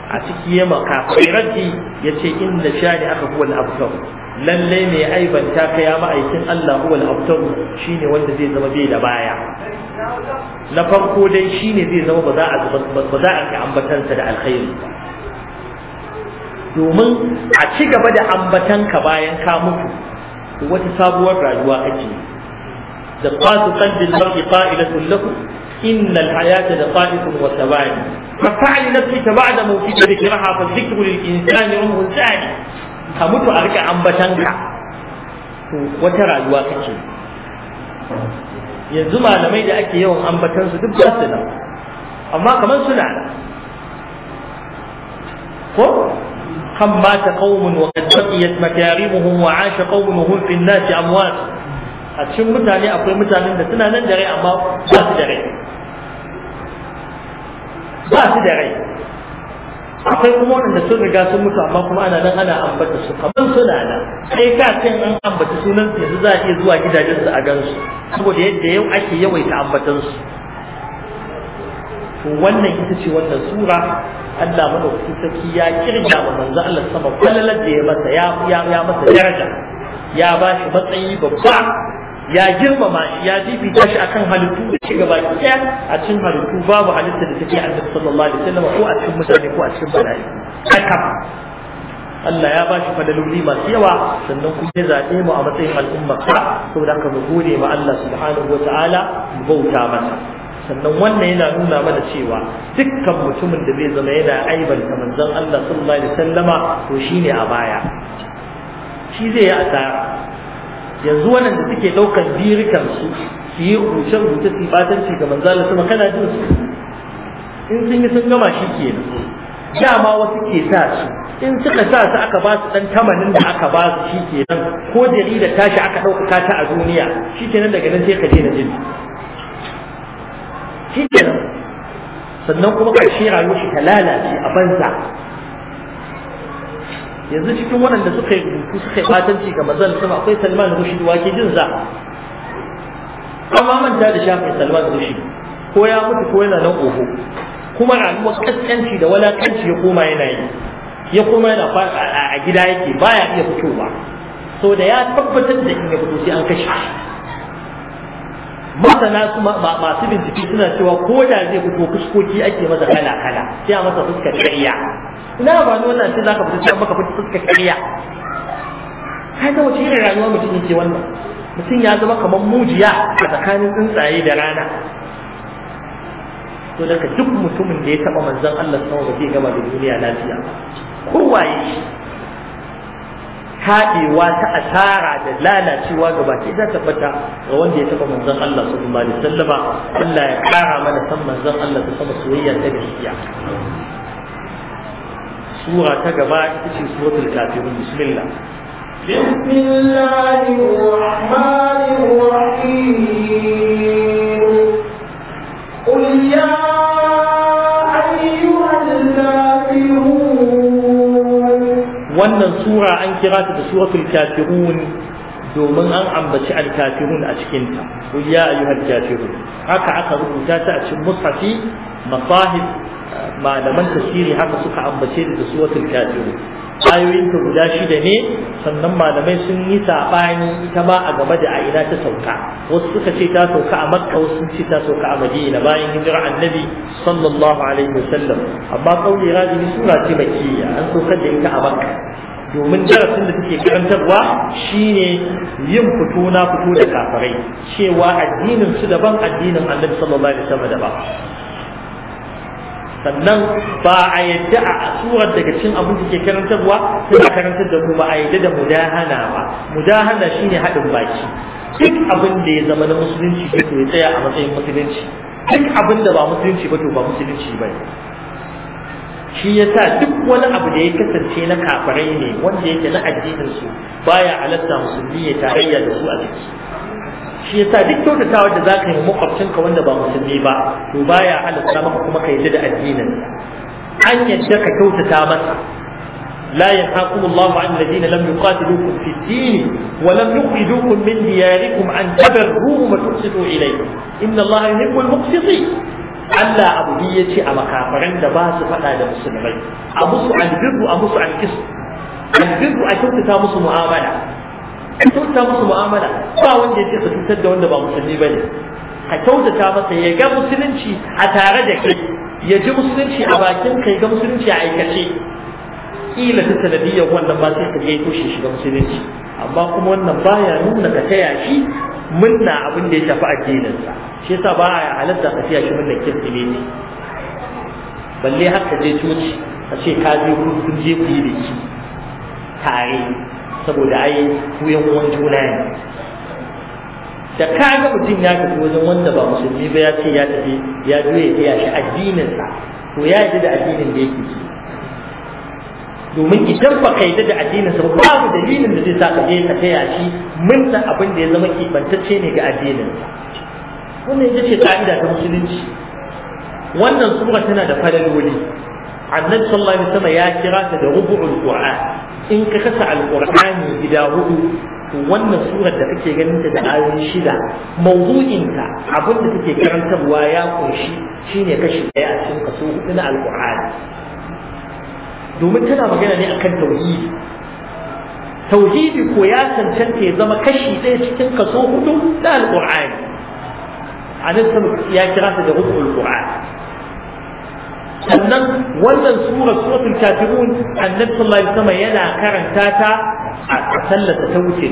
a ciki ya maka raddi yace inna shani aka huwa al-abtar lalle ne aibanta ta kaya ma'aikin Allah huwa al-abtar shine wanda zai zama bai da baya na farko dai shine zai zama ba za a ba za a ambatansa da alkhairi domin a ci gaba da ambatanka bayan ka mutu wata sabuwar rayuwa ake da qasu qalbi al-mar'i qa'ilatun lakum inna al-hayata da qa'itun wa thabani fa fa'il nafsi ba'da da dhikraha fa dhikru lil-insani umrun thani ka mutu a rika ambatanka to wata rayuwa kake yanzu malamai da ake yawan ambatansu duk ba nan amma kamar suna ko قد مات قوم وقد بقيت مكارمهم وعاش قوم وهم في الناس أموات أتشم متاني أقول متاني أن سنة ندري أما ما تدري ما تدري akwai kuma wanda sun riga sun mutu amma kuma ana nan ana ambata su kamar suna nan sai ka cin an ambata sunan su yanzu za a iya zuwa gidajen su a gan su. saboda yadda yau ake yawaita ambatan su to wannan ita ce wannan sura Allah madaukakin saki ya kirga wa manzo Allah sama kwallalar da ya masa ya ya masa daraja ya ba shi matsayi babba ya girmama shi ya fifita shi akan halittu da shi gaba ɗaya a cikin halittu babu halitta da take annabi sallallahu alaihi wasallam ko a cikin mutane ko a cikin bala'i haka Allah ya ba shi fadaloli masu yawa sannan kuma ya zaɓe mu a matsayin al'umma ka saboda haka mu gode ma Allah subhanahu wa ta'ala mu bauta masa sannan wannan yana nuna mana cewa dukkan mutumin da zai zama yana aibar ta manzon Allah sallallahu alaihi wasallama to shine a baya shi zai yi asara yanzu wannan da suke daukar dirikan su su yi rubuce rubuce su batanci ga manzon Allah sama kana jin su in sun yi sun gama shi da dama wasu ke sa su in suka sa su aka ba su dan tamanin da aka ba su shi ke nan, ko jarida tashi aka ɗaukaka ta a duniya shi ke nan daga nan sai ka daina jin shi kenan sannan kuma ƙarshe rayuwar shi ta lalace a banza yanzu cikin waɗanda suka yi rubutu suka yi batanci ga mazan sama akwai salman wa ke jin za amma manta da shafin salman rushid ko ya mutu ko yana nan oho kuma rayuwar ƙasƙanci da walakanci ya koma yana yi ya koma yana a gida yake baya iya fitowa so da ya tabbatar da in ya fito sai an kashe masana kuma masu bincike suna cewa ko da zai fito fuskoki ake masa kala kala sai a masa fuska kariya ina ba ni wannan sai zaka fita sai maka fita fuska kariya ka ga wace irin rayuwa mutum yake wannan mutum ya zama kamar mujiya a tsakanin tsuntsaye da rana to daga duk mutumin da ya taba manzon Allah sallallahu alaihi wasallam zai gama da duniya lafiya kowa shi taɗewa ta asara da lalacewa ga baki ta tabbata ga wanda ya taɓa manzon Allah sallallahu alaihi wasallama Allah ya ƙara mana san manzon Allah da kuma soyayya ta gaskiya sura ta gaba ita ce suratul kafirun bismillah بسم الله الرحمن الرحيم قل يا أيها الناس wannan sura an kira ta da suratul kafirun domin an ambaci alkafirun a cikin ta ya ayyuhal kafirun haka aka rubuta ta a cikin mushafi masahib malaman tafsiri haka suka ambace da suratul kafirun ayoyin ta guda shida ne sannan malamai sun yi saɓani, ita ma a game da a ina ta sauka wasu suka ce ta sauka a makka wasu ce ta sauka a madina bayan hijira annabi sallallahu alaihi wasallam amma kauye rajin sura ce makkiya an saukar da ita a makka domin darasin da take karantarwa shine yin fito na fito da kafirai cewa addinin su daban addinin annabi sallallahu alaihi wasallam daban sannan ba a yadda a asuwar daga cin abin da ke karantarwa suna karantar da kuma a yadda da mudahana ba mudahana shine haɗin baki duk abin da ya zama na musulunci ba to ya tsaya a matsayin musulunci duk abin da ba musulunci ba to ba musulunci ba ne shi sa duk wani abu da ya kasance na kafirai ne wanda yake na addinin su baya halatta musulmi ya tarayya da su a ciki shi yasa duk kyautatawa da zaka yi makwabcinka wanda ba musulmi ba to baya halatta maka kuma ka yadda da addinin an yadda ka kyautata masa لا ينهاكم الله عن الذين لم يقاتلوكم في الدين ولم يخرجوكم من دياركم أن تبروهم وتقسطوا إليهم إن الله يحب المقسطين Allah abu biyu ya ce a makafaran da ba su faɗa da musulmai a musu albirru a musu alkisu albirru a kyautata musu mu'amala ka kyauta musu mu'amala ba wanda ya ce ka cutar da wanda ba musulmi ba ne ka kyautata masa ya ga musulunci a tare da kai ya ji musulunci a bakin kai ga musulunci a aikace kila ta sanadiyyar wannan ba sai ka shi shiga musulunci amma kuma wannan baya nuna ka taya shi munna abin da ya shafi addininsa shi yasa ba a halatta ka taya shi munna kirsimeti balle har ka je coci ka ce ka je kun je ku yi da shi tare saboda ai ku yan uwan juna ne da kaga mutum ya tafi wajen wanda ba musulmi ba ya ce ya tafi ya je ya ya shi addininsa to ya yi da addinin da yake ci domin idan ba ka yi da addinin sa ku dalilin da zai sa ka je ka taya shi san abin da ya zama kibantacce ne ga addinin sa wannan ita ce ka'ida ta musulunci wannan sura tana da falaloli annabi sallallahu alaihi wasallam ya kira ta da rubu'ul qur'an in ka kasa alƙur'ani gida hudu to wannan surar da kake ganin ta da ayoyi shida mawdu'inta abin da take karantarwa ya kunshi shine kashi daya a cikin kaso hudu na alƙur'ani domin tana magana ne akan tauhidi tauhidi ko ya cancanta ya zama kashi ɗaya cikin kaso hudu na alƙur'ani a nan ya kira ta da rukun alƙur'ani sannan wannan sura suratul kafirun annabi sallallahu alaihi wasallam yana karanta ta a sallar ta wuce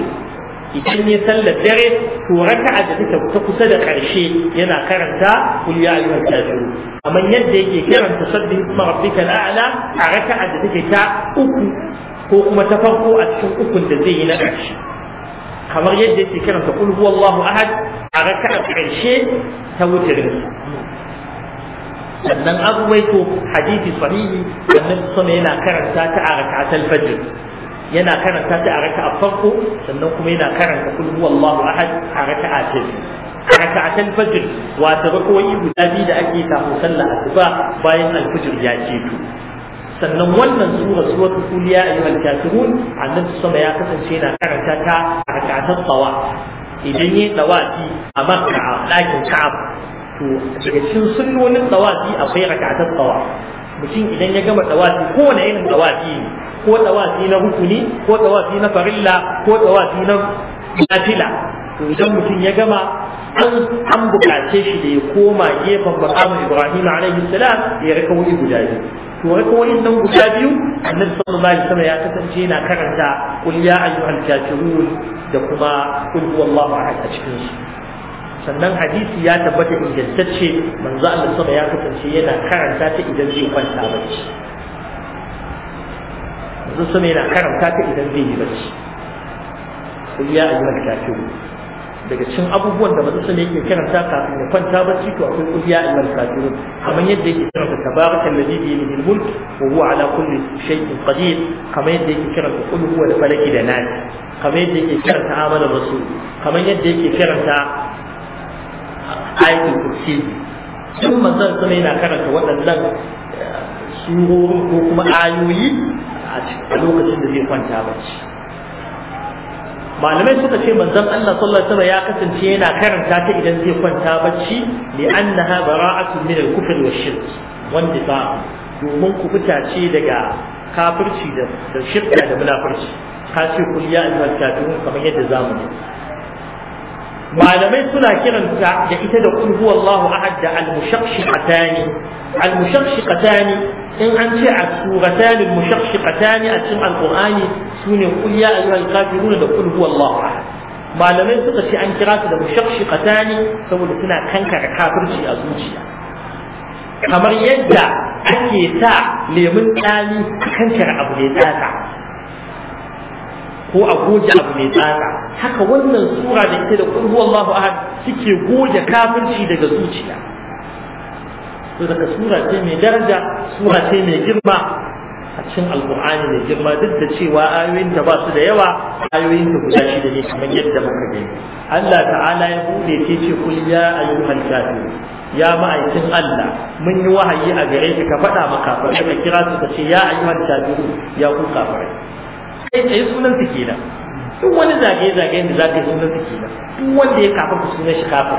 idan ya sallar dare to raka'a da ta ta kusa da karshe yana karanta kul ya ayyuhal kafirun kamar yadda yake karanta sabbih isma rabbikal a'la a raka'a da take ta uku ko kuma ta farko a cikin ukun da zai yi na karshe kamar yadda yake karanta kul huwallahu ahad a raka'a karshe ta wutirin sannan an ruwaito hadisi sahihi annabi sama yana karanta ta a rak'atul fajr yana karanta ta a farko sannan kuma yana karanta kul huwallahu ahad a raka'a ta biyu a fajr wato guda biyu da ake kafin sallah asuba bayan alfajr ya tu? sannan wannan sura suratul kuliya ayyuhal kafirun annabi sama ya kasance yana karanta ta a tsawa idan yayi dawati a makka a ɗakin ka'ab to daga cikin sunnonin tsawafi akwai rakatar tsawa mutum idan ya gama tsawafi kowane irin tsawafi ne ko tsawafi na hukuni ko tsawafi na farilla ko tsawafi na nafila to idan mutum ya gama an an bukace shi da ya koma gefen makamin ibrahim alaihi salam ya rika wani guda biyu to rika wani nan guda biyu annabi sallallahu alaihi wasallam ya kasance yana karanta qul ya ayyuhal kafirun da kuma qul huwallahu ahad a cikin su sannan hadisi ya tabbata ingantacce manzo Allah sama ya kasance yana karanta ta idan zai kwanta bacci manzo sama yana karanta ta idan zai yi bacci kul ya ayyuhal kafirun daga cin abubuwan da manzo sama yake karanta kafin ya kwanta bacci to akwai kul ya ayyuhal kafirun kamar yadda yake karanta tabarakal ladhi bi yadihi mulk wa huwa ala kulli shay'in qadir kamar yadda yake karanta kul huwa da falaki da nas kamar yadda yake karanta amana rasul kamar yadda yake karanta ayatul kursi duk manzon sama yana karanta waɗannan eh, surorin ko kuma ayoyi a lokacin da zai kwanta bacci malamai suka ce manzon Allah sallallahu alaihi ya kasance yana karanta ta idan zai kwanta bacci li annaha bara'atun min al-kufr wa shirk wanda ba domin ku fita ce daga kafirci da shirka da munafurci ka ce kul ya ayyuhal kafirun kamar yadda zamu malamai suna kiranta da ita da kul huwallahu ahad da al-mushaqqatani al-mushaqqatani in an ce a suratani al-mushaqqatani a cikin Al-Qur'ani, sune kul ya ayyuhal kafiruna da kul huwallahu ahad malamai suka ce an kira su da mushaqqatani saboda suna kankara kafirci a zuciya kamar yadda ake sa lemun tsami kankara abu ya tsaka. ko a goge abu mai tsada haka wannan sura da ita da kulhu Allahu ahad suke goge kafirci daga zuciya to daga sura ce mai daraja sura ce mai girma a cikin alqur'ani mai girma duk da cewa ta ba su da yawa ta guda da ne kamar yadda muka gani Allah ta'ala ya bude ce ce kul ya ayyuhal kafirun ya ma'aikin Allah mun yi wahayi a gare ka ka faɗa maka ka kira su ka ce ya ayyuhal kafirun ya ku kafirai kai tsaye sunan su kenan duk wani zage zage da za ka yi sunan su kenan duk wanda ya kafa ku sunan shi kafa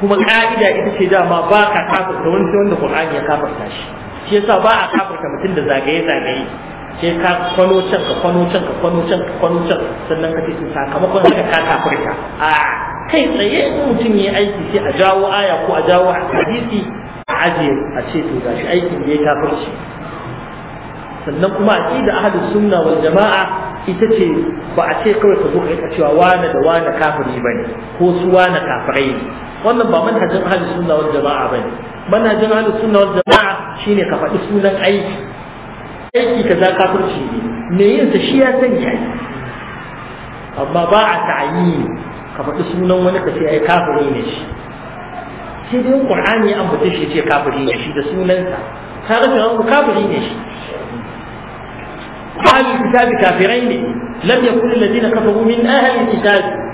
kuma ka'ida ita ce dama ba ka kafarta wani sai wanda Qur'ani ya ta shi shi yasa ba a kafarta mutum da zagaye-zagaye sai ka kwano can ka kwano can ka kwano can ka kwano can sannan ka ce sakamakon haka ka ka. a kai tsaye mutum ya aiki sai a jawo aya ko a jawo hadisi a ajiye a ce to gashi aikin da ya shi. sannan kuma aqida ahlus sunna wal jama'a ita ce ba a ce kawai ka zo ka cewa wane da wane kafiri ne, ko su wane kafirai ne wannan ba manhajin ahlus sunna wal jama'a ba ne. manhajin ahlus sunna wal jama'a shi ne ka faɗi sunan aiki aiki ka kaza kafirci ne me yin sa shi ya sani ai amma ba a ta'ayi ka faɗi sunan wani ka ce ai kafiri ne shi sai dai qur'ani an bace shi ce kafiri ne shi da sunansa ka ga cewa kafiri ne shi أهل الكتاب كافرين لم يكن الذين كفروا من أهل الكتاب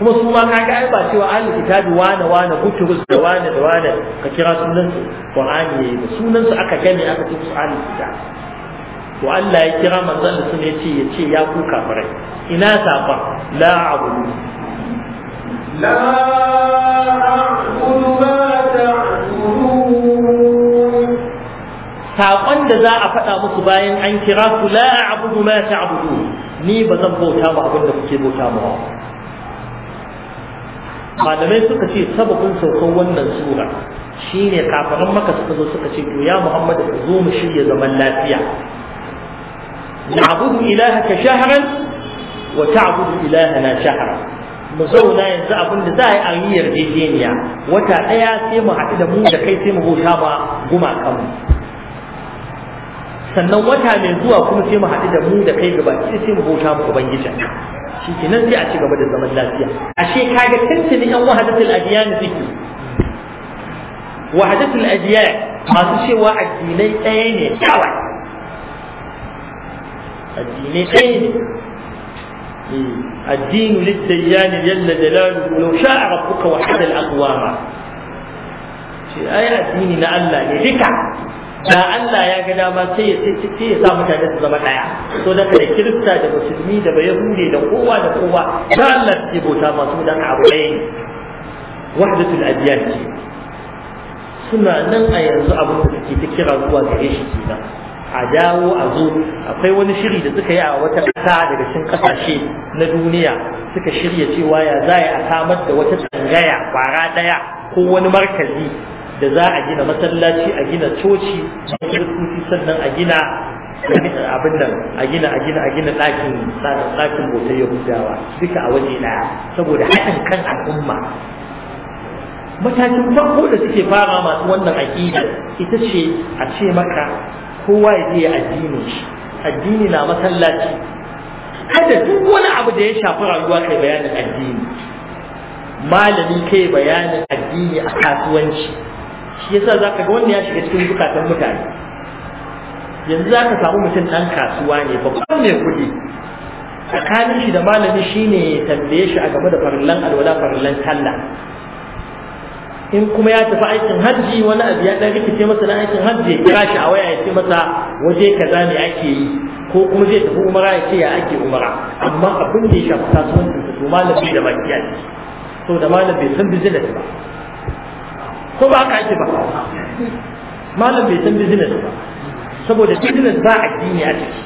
kuma su ma kaga ai ba cewa ahlul kitabi wane wane kuturus da wane da wane ka kira sunan su qur'ani yayi da sunan su aka gane aka ce su ahlul kitabi to Allah ya kira manzon da sun yace yace ya ku kafirai ina safa la a'budu la a'budu saƙon da za a faɗa musu bayan an kira ku la a'budu ma ta'budu ni ba zan bauta ba abin da kuke bauta ba malamai suka ce sababin saukan wannan sura shine kafaran maka suka zo suka ce to ya muhammadu ka zo mu shirya zaman lafiya na'budu ilahaka shahran wa ta'budu ilahana shahran mu zauna yanzu abin da za a yi a yi yarjejeniya wata ɗaya sai mu haɗu da mu da kai sai mu bauta ma gumakan mu sannan wata mai zuwa kuma sai mu haɗu da mu da kai gaba sai sai mu bauta mu ubangijin shi ke nan sai a ci gaba da zaman lafiya ashe kaga tantani yan wahadatul adiyan zikri wahadatul adiyan masu cewa addinai ɗaya ne kawai addinai ɗaya ne الدين للديان جل جلاله لو شاء ربك وحد الأقوام شيء أي الدين لألا لذكر da Allah ya ga dama sai ya sai ya sa mutane su zama daya so da kai kirista da musulmi da bayahudi da kowa da kowa da Allah ke bauta masu dan abu ɗaya wahdatul adiyan ce suna nan a yanzu abin da suke ta kira zuwa gare shi kenan a dawo a zo akwai wani shiri da suka yi a wata ƙasa daga cikin ƙasashe na duniya suka shirya cewa ya za a samar da wata tsangaya kwara ɗaya ko wani markazi da za a gina masallaci a gina coci masallaci sannan a gina abin nan a gina a gina a gina ɗakin ɗakin bautar yahudawa duka a waje ɗaya saboda haɗin kan al'umma matakin farko da suke fara masu wannan aƙida ita ce a ce maka kowa ya je addinin shi addini na masallaci kada duk wani abu da ya shafi rayuwa kai bayanin addini malami kai bayanin addini a kasuwanci shi yasa za ka ga wannan ya shiga cikin zukatan mutane yanzu za ka samu mutum ɗan kasuwa ne babban mai kuɗi tsakanin shi da malami shi shine tambaye shi a game da farillan alwala farillan talla in kuma ya tafi aikin hajji wani abu ya dan rikice masa na aikin hajji ya kira shi a waya ya ce masa waje kaza ne ake yi ko kuma zai tafi umara ya ce ya ake umara amma abin da ya shafi kasuwancin su malami da makiyaci so da malam bai san business ba ko ba ka ake ba malam bai san business ba saboda business ba addini a ciki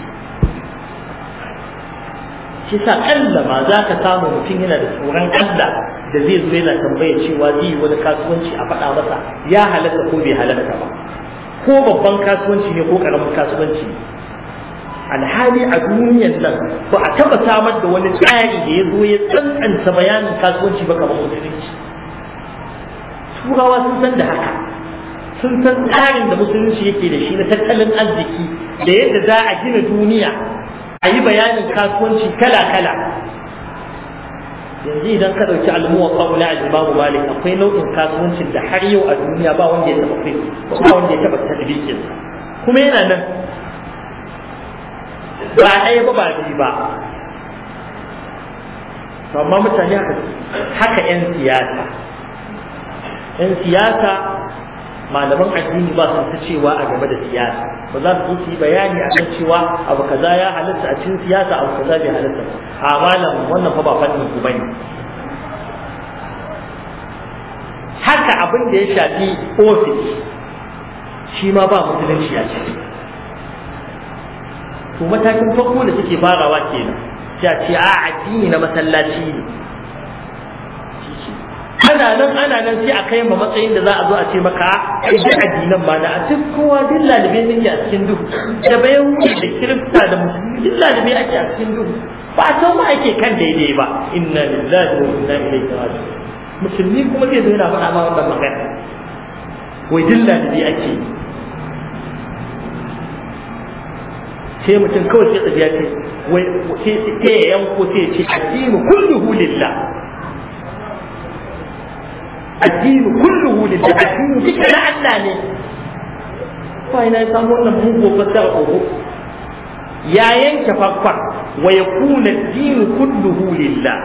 shi sa Allah ma za ka samu mutum yana da tsoron Allah da zai zo yana tambaya cewa zai yi wani kasuwanci a faɗa masa ya halatta ko bai halatta ba ko babban kasuwanci ne ko ƙaramin kasuwanci ne alhali a duniyar nan ba a taɓa samar da wani tsari da ya zo ya tsantsanta bayanin kasuwanci ba kamar musulunci turawa sun san da haka sun san tsarin da musulunci yake da shi na tattalin arziki da yadda za a gina duniya a yi bayanin kasuwanci kala-kala yanzu idan ka ɗauki almuwa ƙaula a jibabu malik akwai nau'in kasuwancin da har yau a duniya ba wanda ya taɓa kai ba wanda ya taɓa tadbikin kuma yana nan ba ɗaya ba ba biyu ba amma mutane haka 'yan siyasa 'yan siyasa malaman addini ba su ta cewa a game da siyasa ba za su yi bayani a kan cewa abu kaza ya halatta a cikin siyasa abu kaza bai halatta a malam wannan fa ba fannin ku bane haka abin da ya shafi ofis shi ma ba musulunci a ciki to matakin farko da suke farawa kenan sai ce a addini na masallaci ne ana nan ana nan sai a kai ma matsayin da za a zo a ce maka ai da addinan ma na duk kowa duk lalibin ne a cikin duhu da bayan wuce da kirista da musulmi duk lalibe ake a cikin duhu ba san ma ake kan daidai ba inna lillahi wa inna ilaihi raji'un musulmi kuma zai zo yana faɗa ma wannan magana wai duk lalibe ake sai mutum kawai sai tsabiya ce wai sai ya yanko sai ya ce addini kulluhu lillah addini kulluhu lillah addini duka na Allah ne fa ina ya samu wannan mugu fasara oho ya yanke farkon wa yakuna addini kulluhu lillah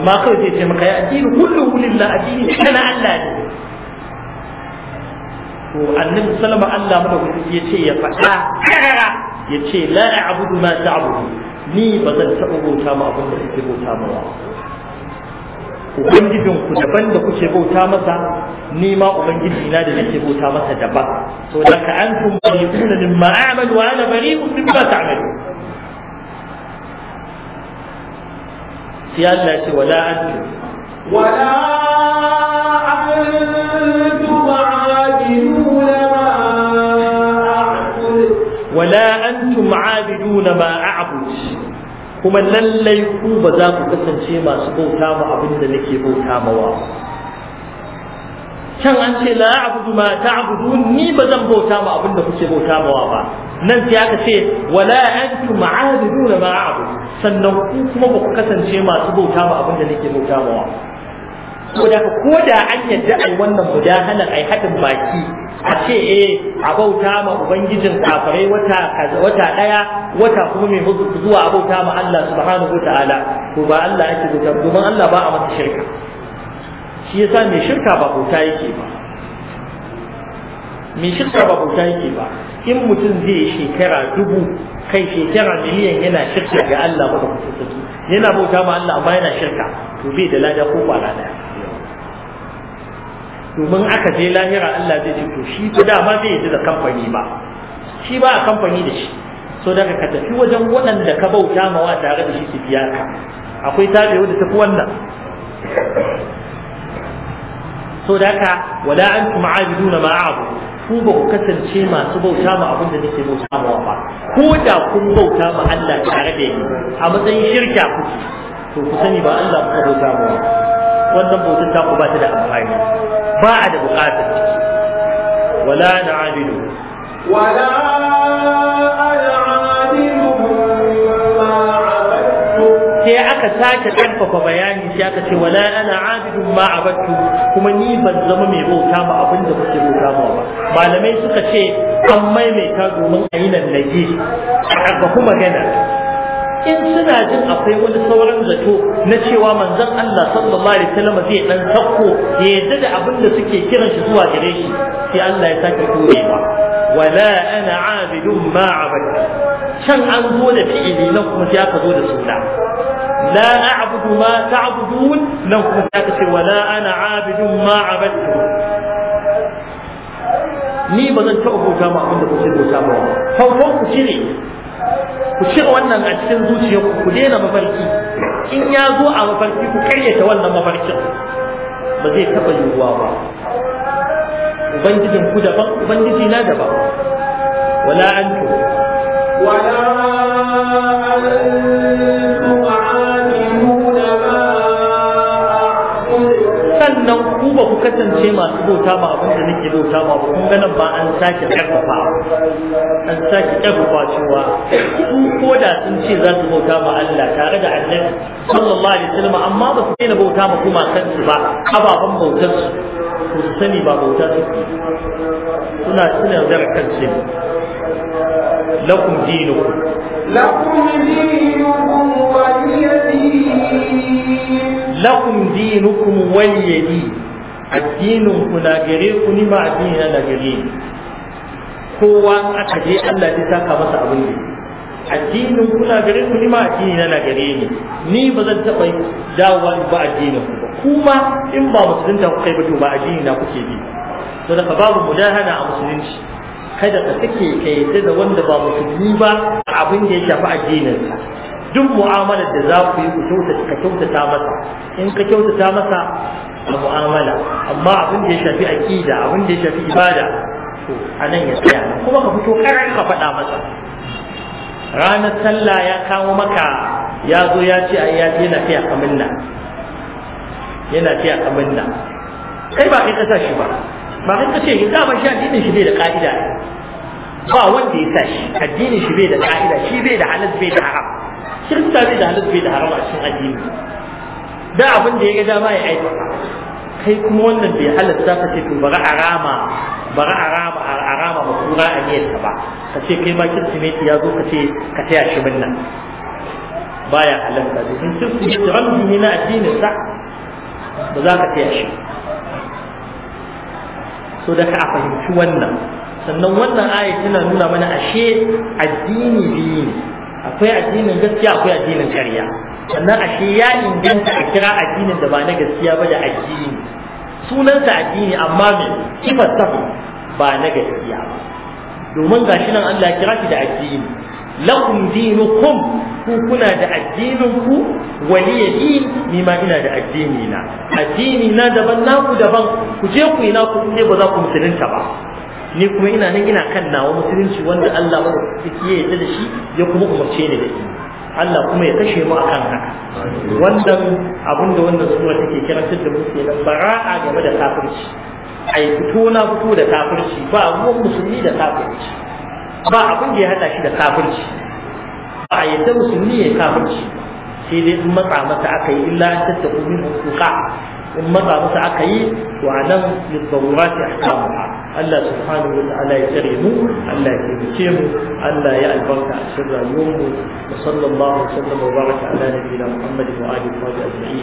amma kawai zai ce maka ya addini kulluhu lillah addini duka na Allah ne to annabi sallama Allah madaukakin ya ce ya faɗa ya ce la a'budu ma ta'budu ni ba zan taɓa bauta ma abin da kuke bauta ma ba ubangijin daban da kuke bauta masa ni ma ubangiji na da nake bauta masa daban to da ka an kun bari kuna min ma'amalu wa ana bari kun min ba ta'amalu sai Allah ce wala antu wala antu ba'adilu wala antum abiduna ma a'bud kuma lallai ku ba za ku kasance masu bauta ma abin da nake bauta mawa can an ce la abudu ma ta'budun ni ba zan bauta ma abin da kuke bauta mawa ba nan sai aka ce wala antum abiduna ma a'bud sannan ku kuma ba ku kasance masu bauta ma abin da nake bauta mawa ko da ko da an yadda ai wannan mudahalar ai hadin baki a ce eh a bauta ma ubangijin kafirai wata wata daya wata kuma mai hudu zuwa abauta ma Allah subhanahu wataala to ba Allah yake zuwa domin Allah ba a masa shirka shi yasa mai shirka ba bauta yake ba mai shirka ba bauta yake ba in mutum zai shekara dubu kai shekara miliyan yana shirka ga Allah ba da yana bauta ma Allah amma yana shirka to bai da lada ko ba lada domin aka je lahira Allah zai ce to shi ko da ba zai yi da kamfani ba shi ba a kamfani da shi so daga ka tafi wajen waɗanda ka bauta mawa tare da shi su biya ka akwai tabe wanda tafi wannan so daga wala antu ma'abiduna ma a'budu ku ba ku kasance masu bauta ma abin da nake bauta ma ba ko da kun bauta ma Allah tare da ni a matsayin shirka kuke to ku sani ba Allah ku bauta ma wannan bautar ta ku ba ta da amfani ba a da bukatar wala na abidu wala sai aka sake ƙarfafa bayani sai aka ce wala ana abidun ma abattu kuma ni ban zama mai bauta ba abin da kuke bauta ba malamai suka ce an maimaita domin a yi nan nage a magana in suna jin akwai wani sauran zato na cewa manzon Allah sallallahu alaihi wasallam zai dan sakko ya yadda da abin da suke kiran shi zuwa gare shi sai Allah ya sake turewa wala ana abidun ma abada can an zo da fi'ili nan kuma sai aka zo da suna la a'budu ma ta'budun nan kuma sai aka ce wala ana abidun ma abadtu ni ba zan taɓa bauta ma abin da kuke bauta ba fa ku cire ku shiga wannan a cikin zuciyarku ku daina mafarki in ya zo a mafarki ku karyata wannan mafarkin ba zai taɓa yiwuwa ba ubangijin ku daban ubangiji na daban wala an wala kasance masu bauta ma abin da nake bauta ma ba kun ganin ba an sake karfafa an sake karfafa cewa su ko da sun ce za su bauta ma Allah tare da annabi sallallahu alaihi wasallam amma ba su daina bauta ma kuma kansu ba ababen bautar su to su sani ba bauta su? suna suna zara kansu lakum dinukum lakum dinukum waliyadin lakum dinukum waliyadin addinin ku na gare ku ni ma addini na na gare ni kowa aka je Allah zai saka masa abin ne addinin ku na gare ku ni ma addini na na gare ni ni ba zan taɓa dawowa ba addinin ku ba kuma in ba musulunta ku kai ba to ba addini na kuke bi to daga babu mudahana a musulunci kada ka take ka yadda da wanda ba musulmi ba abin da ya shafi addininsa duk mu'amalar da za ku yi ku kyautata masa in ka kyautata masa a mu'amala amma abin da ya shafi aqida abin da ya shafi ibada to anan ya tsaya kuma ka fito karar ka faɗa masa ranar sallah ya kawo maka ya zo ya ce ai ya yana fiya kamin nan yana fiya kamin nan kai ba kai ka shi ba ba kai ka ce shi dama shi addinin shi bai da ka'ida ba wanda ya sa shi addinin shi bai da ka'ida shi bai da halal bai da haram shirka bai da halal bai da haram a cikin addini da abin da ya ga dama ya aiki kai kuma wannan bai halatta ka ce to bari a rama bari a rama a rama ba kura a niyyarka ba ka ce kai ma kirsimeti ya zo ka ce ka taya shi minna baya halatta domin kirsimeti ramzi ne na addinin sa ba za ka taya shi so da ka a fahimci wannan sannan wannan ayat tana nuna mana ashe addini biyu ne akwai addinin gaskiya akwai addinin ƙarya sannan a ce ya inganta a kira addinin da ba na gaskiya ba da addini sunansa addini amma mai kifar tafi ba na gaskiya ba domin shi nan Allah kira shi da addini lakum dinukum ku kuna da addinin ku waliya din ni ma ina da addini na addini na daban naku daban ku je ku ina ku ne ba za ku musulunta ba ni kuma ina nan ina kan nawa musulunci wanda Allah ya yarda da shi ya kuma umarce ni da shi Allah kuma ya kashe mu akan haka wannan abin da wannan sura take kirantar da mu kenan bara'a game da kafirci ai fito na fito da kafirci ba ruwan musulmi da kafirci ba abin da ya hada shi da kafirci ba a yadda musulmi ya kafirci sai dai in matsa masa aka yi illa an tattaku min hukuka in matsa masa aka yi wa nan liddarurati ahkamuha Allah subhanahu wa ta'ala ya tsare mu Allah ya taimake mu Allah ya albarka a cikin rayuwar mu wa sallallahu alaihi wa sallam wa baraka ala nabiyina Muhammad wa alihi wa sahbihi